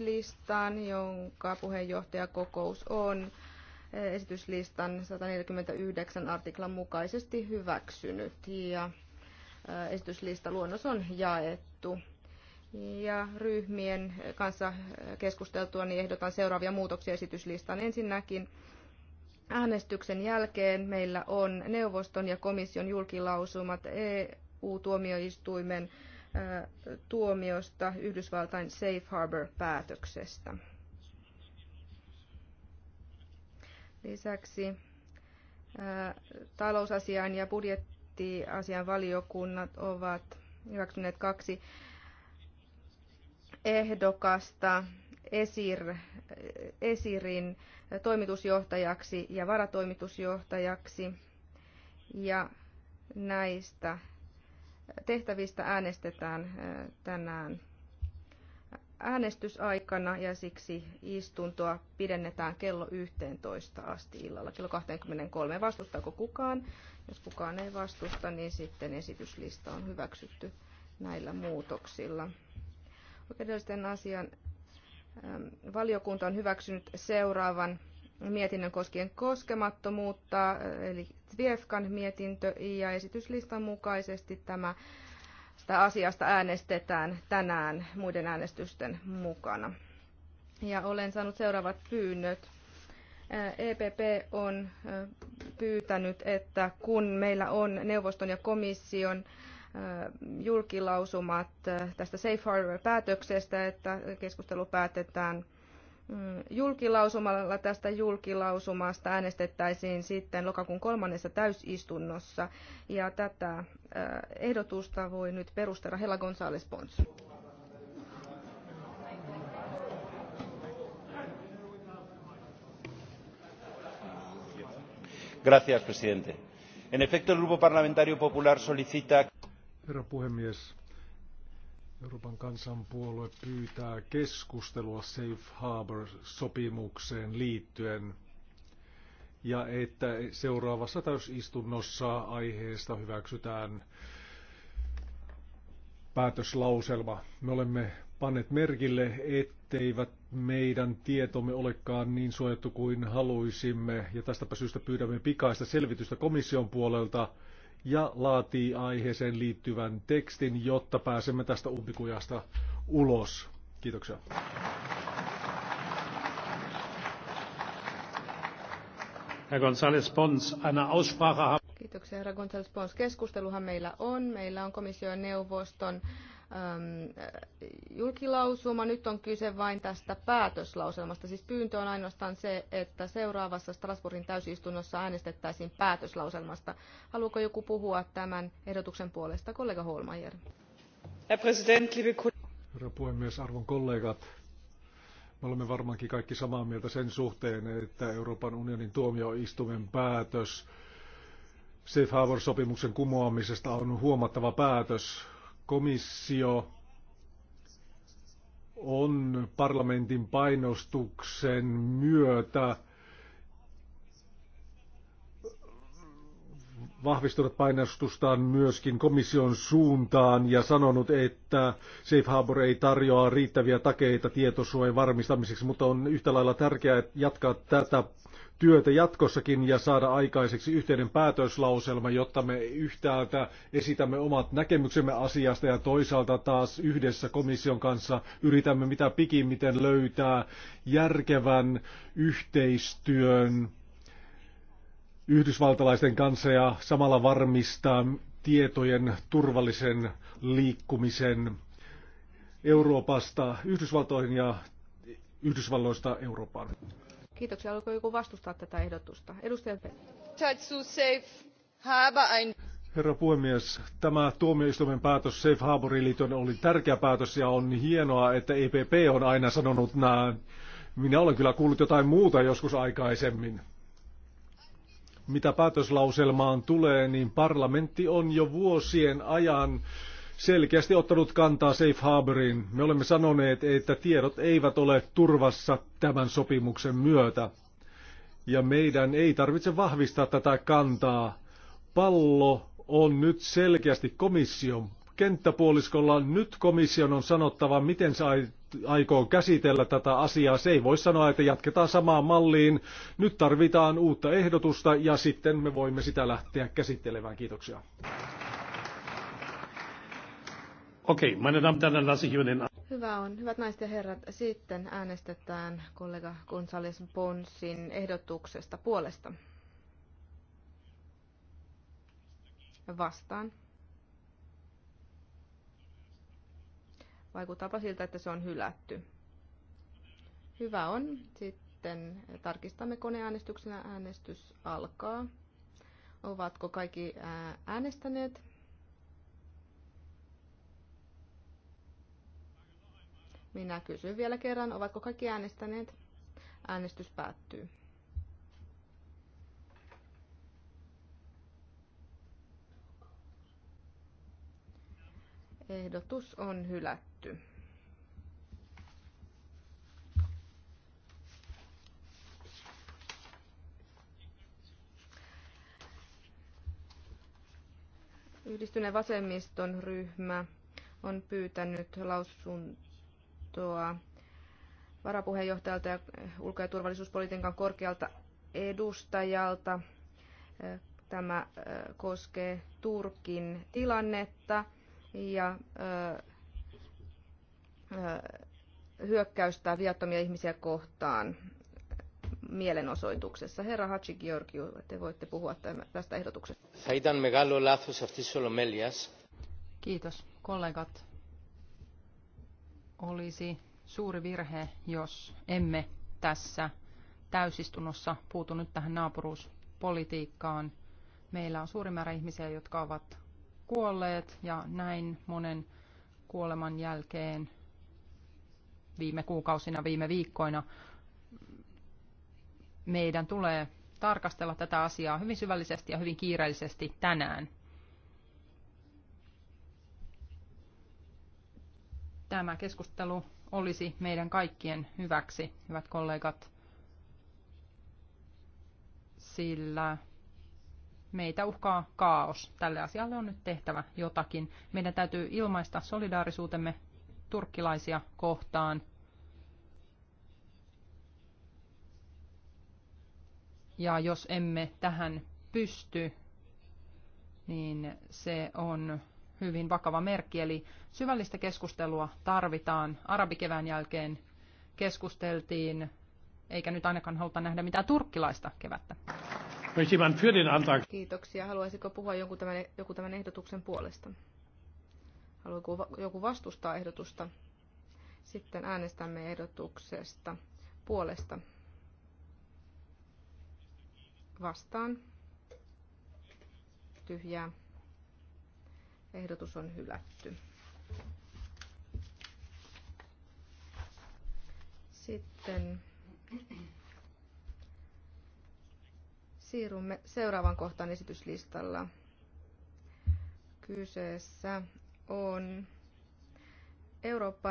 esityslistan, jonka puheenjohtajakokous on esityslistan 149 artiklan mukaisesti hyväksynyt ja esityslista luonnos on jaettu. Ja ryhmien kanssa keskusteltua niin ehdotan seuraavia muutoksia esityslistaan. Ensinnäkin äänestyksen jälkeen meillä on neuvoston ja komission julkilausumat EU-tuomioistuimen tuomiosta Yhdysvaltain Safe Harbor-päätöksestä. Lisäksi talousasian ja budjettiasian valiokunnat ovat hyväksyneet kaksi ehdokasta Esir, Esirin toimitusjohtajaksi ja varatoimitusjohtajaksi. Ja näistä tehtävistä äänestetään tänään äänestysaikana ja siksi istuntoa pidennetään kello 11 asti illalla, kello 23. Vastustaako kukaan? Jos kukaan ei vastusta, niin sitten esityslista on hyväksytty näillä muutoksilla. Oikeudellisten asian valiokunta on hyväksynyt seuraavan mietinnön koskien koskemattomuutta, eli Zviefkan mietintö, ja esityslistan mukaisesti tämä sitä asiasta äänestetään tänään muiden äänestysten mukana. Ja olen saanut seuraavat pyynnöt. EPP on pyytänyt, että kun meillä on neuvoston ja komission julkilausumat tästä Safe Harbor-päätöksestä, että keskustelu päätetään Mm, julkilausumalla tästä julkilausumasta äänestettäisiin sitten lokakuun kolmannessa täysistunnossa. Ja tätä äh, ehdotusta voi nyt perustella Hela González Pons. Gracias, presidente. En efecto, el Grupo Parlamentario Popular solicita... Herra puhemies, Euroopan kansanpuolue pyytää keskustelua Safe Harbor-sopimukseen liittyen ja että seuraavassa täysistunnossa aiheesta hyväksytään päätöslauselma. Me olemme panneet merkille, etteivät meidän tietomme olekaan niin suojattu kuin haluaisimme, ja tästäpä syystä pyydämme pikaista selvitystä komission puolelta – ja laatii aiheeseen liittyvän tekstin, jotta pääsemme tästä umpikujasta ulos. Kiitoksia. Herr González Pons, eine Aussprache Kiitoksia, herra González Pons. Keskusteluhan meillä on. Meillä on komission neuvoston julkilausuma. Nyt on kyse vain tästä päätöslauselmasta. Siis pyyntö on ainoastaan se, että seuraavassa Strasbourgin täysistunnossa äänestettäisiin päätöslauselmasta. Haluaako joku puhua tämän ehdotuksen puolesta? Kollega Holmeier. Herra puhemies, arvon kollegat. Me olemme varmaankin kaikki samaa mieltä sen suhteen, että Euroopan unionin tuomioistuimen päätös Safe Harbor-sopimuksen kumoamisesta on huomattava päätös komissio on parlamentin painostuksen myötä vahvistanut painostustaan myöskin komission suuntaan ja sanonut, että Safe Harbor ei tarjoa riittäviä takeita tietosuojan varmistamiseksi, mutta on yhtä lailla tärkeää jatkaa tätä työtä jatkossakin ja saada aikaiseksi yhteinen päätöslauselma, jotta me yhtäältä esitämme omat näkemyksemme asiasta ja toisaalta taas yhdessä komission kanssa yritämme mitä pikimmiten löytää järkevän yhteistyön yhdysvaltalaisten kanssa ja samalla varmistaa tietojen turvallisen liikkumisen Euroopasta Yhdysvaltoihin ja Yhdysvalloista Eurooppaan. Kiitoksia. Alkoi joku vastustaa tätä ehdotusta? Edustaja Herra puhemies, tämä tuomioistuimen päätös Safe Harboriin liittyen oli tärkeä päätös ja on hienoa, että EPP on aina sanonut näin. Minä olen kyllä kuullut jotain muuta joskus aikaisemmin. Mitä päätöslauselmaan tulee, niin parlamentti on jo vuosien ajan selkeästi ottanut kantaa Safe Harboriin. Me olemme sanoneet, että tiedot eivät ole turvassa tämän sopimuksen myötä. Ja meidän ei tarvitse vahvistaa tätä kantaa. Pallo on nyt selkeästi komission kenttäpuoliskolla. Nyt komission on sanottava, miten se aikoo käsitellä tätä asiaa. Se ei voi sanoa, että jatketaan samaan malliin. Nyt tarvitaan uutta ehdotusta ja sitten me voimme sitä lähteä käsittelemään. Kiitoksia. Okei, okay, meine Damen und Herren, Hyvä on. Hyvät naiset ja herrat, sitten äänestetään kollega Gonzales Ponsin ehdotuksesta puolesta. Vastaan. Vaikuttaapa siltä, että se on hylätty. Hyvä on. Sitten tarkistamme koneäänestyksenä. Äänestys alkaa. Ovatko kaikki äänestäneet? Minä kysyn vielä kerran, ovatko kaikki äänestäneet? Äänestys päättyy. Ehdotus on hylätty. Yhdistyneen vasemmiston ryhmä on pyytänyt lausuntoa tuo, varapuheenjohtajalta ja ulko- ja turvallisuuspolitiikan korkealta edustajalta. Tämä koskee Turkin tilannetta ja hyökkäystä viattomia ihmisiä kohtaan mielenosoituksessa. Herra Hatsi Georgiou, te voitte puhua tästä ehdotuksesta. Kiitos kollegat. Olisi suuri virhe, jos emme tässä täysistunnossa puutu nyt tähän naapuruuspolitiikkaan. Meillä on suuri määrä ihmisiä, jotka ovat kuolleet ja näin monen kuoleman jälkeen viime kuukausina, viime viikkoina meidän tulee tarkastella tätä asiaa hyvin syvällisesti ja hyvin kiireellisesti tänään. Tämä keskustelu olisi meidän kaikkien hyväksi, hyvät kollegat, sillä meitä uhkaa kaos. Tälle asialle on nyt tehtävä jotakin. Meidän täytyy ilmaista solidaarisuutemme turkkilaisia kohtaan. Ja jos emme tähän pysty, niin se on hyvin vakava merkki, eli syvällistä keskustelua tarvitaan. Arabikevään jälkeen keskusteltiin, eikä nyt ainakaan haluta nähdä mitään turkkilaista kevättä. Kiitoksia. Haluaisiko puhua joku tämän, e-, joku tämän ehdotuksen puolesta? Haluaako joku vastustaa ehdotusta? Sitten äänestämme ehdotuksesta puolesta. Vastaan. Tyhjää. Ehdotus on hylätty. Sitten siirrymme seuraavan kohtaan esityslistalla. Kyseessä on Eurooppa